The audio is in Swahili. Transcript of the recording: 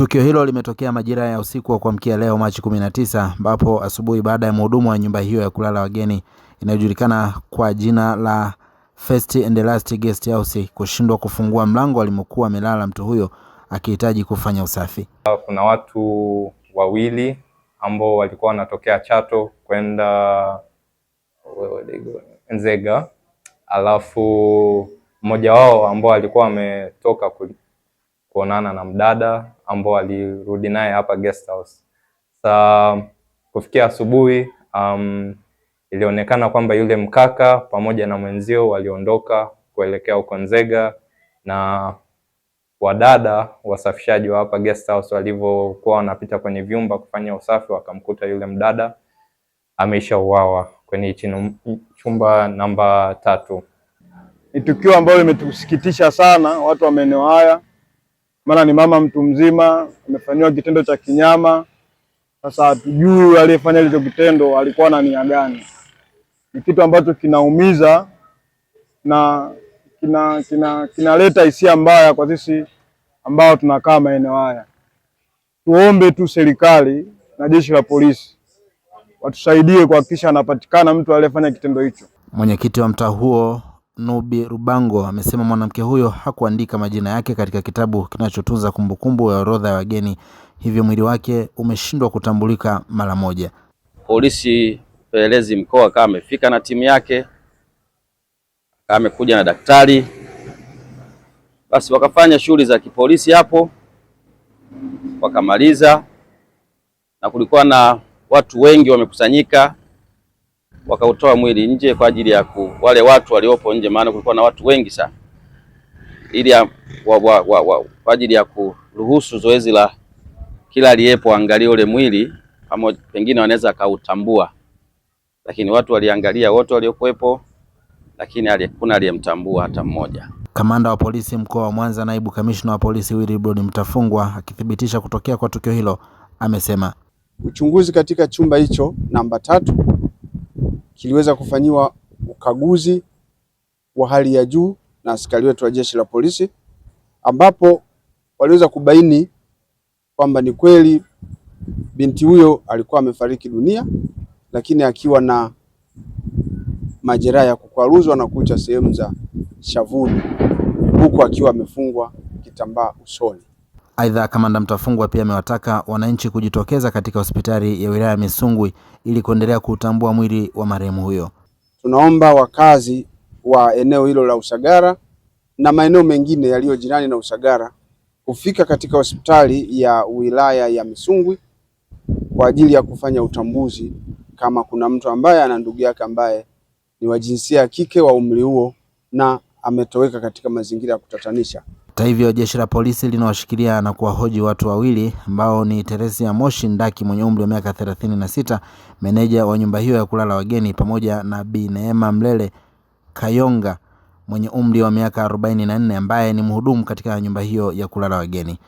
Tukio hilo limetokea majira ya usiku wa kuamkia leo Machi 19, ambapo asubuhi baada ya mhudumu wa nyumba hiyo ya kulala wageni inayojulikana kwa jina la First and Last Guest House kushindwa kufungua mlango alimokuwa amelala mtu huyo akihitaji kufanya usafi. Kuna watu wawili ambao walikuwa wanatokea Chato kwenda Nzega, alafu mmoja wao ambao alikuwa ametoka kuonana na mdada ambao alirudi naye hapa guest house. Sa kufikia asubuhi um, ilionekana kwamba yule mkaka pamoja na mwenzio waliondoka kuelekea huko Nzega na wadada wasafishaji wa hapa guest house walivyokuwa wanapita kwenye vyumba kufanya usafi, wakamkuta yule mdada ameisha uawa kwenye hichi chumba namba tatu. Ni tukio ambalo limetusikitisha sana watu wa maeneo haya maana ni mama mtu mzima amefanyiwa kitendo cha kinyama. Sasa hatujui aliyefanya hicho kitendo alikuwa na nia gani. Ni kitu ambacho kinaumiza na kinaleta kina, kinaleta hisia mbaya kwa sisi ambao tunakaa maeneo haya. Tuombe tu serikali na jeshi la polisi watusaidie kuhakikisha anapatikana mtu aliyefanya kitendo hicho. Mwenyekiti wa mtaa huo Nubi Rubango amesema mwanamke huyo hakuandika majina yake katika kitabu kinachotunza kumbukumbu ya orodha ya wageni, hivyo mwili wake umeshindwa kutambulika mara moja. Polisi pelelezi mkoa akawa amefika na timu yake, amekuja na daktari, basi wakafanya shughuli za kipolisi hapo, wakamaliza na kulikuwa na watu wengi wamekusanyika wakautoa mwili nje kwa ajili ya ku, wale watu waliopo nje, maana kulikuwa na watu wengi sana, ili kwa ajili ya kuruhusu zoezi la kila aliyepo angalie ule mwili pamoja, pengine wanaweza akautambua, lakini watu waliangalia wote waliokuwepo, lakini kuna aliyemtambua hata mmoja. Kamanda wa polisi mkoa wa Mwanza, naibu kamishna wa polisi Wilbrod Mtafungwa akithibitisha kutokea kwa tukio hilo amesema uchunguzi katika chumba hicho namba tatu kiliweza kufanyiwa ukaguzi wa hali ya juu na askari wetu wa jeshi la polisi, ambapo waliweza kubaini kwamba ni kweli binti huyo alikuwa amefariki dunia, lakini akiwa na majeraha ya kukwaruzwa na kucha sehemu za shavuni, huku akiwa amefungwa kitambaa usoni. Aidha, kamanda Mtafungwa pia amewataka wananchi kujitokeza katika hospitali ya wilaya ya Misungwi ili kuendelea kuutambua mwili wa marehemu huyo. Tunaomba wakazi wa eneo hilo la Usagara na maeneo mengine yaliyo jirani na Usagara kufika katika hospitali ya wilaya ya Misungwi kwa ajili ya kufanya utambuzi kama kuna mtu ambaye ana ndugu yake ambaye ni wa jinsia ya kike wa umri huo na ametoweka katika mazingira ya kutatanisha. Hata hivyo jeshi la polisi linawashikilia na kuwahoji watu wawili ambao ni Teresia Moshi Ndaki mwenye umri wa miaka 36, meneja wa nyumba hiyo ya kulala wageni, pamoja na Bi Neema Mlele Kayonga mwenye umri wa miaka 44, ambaye ni mhudumu katika nyumba hiyo ya kulala wageni.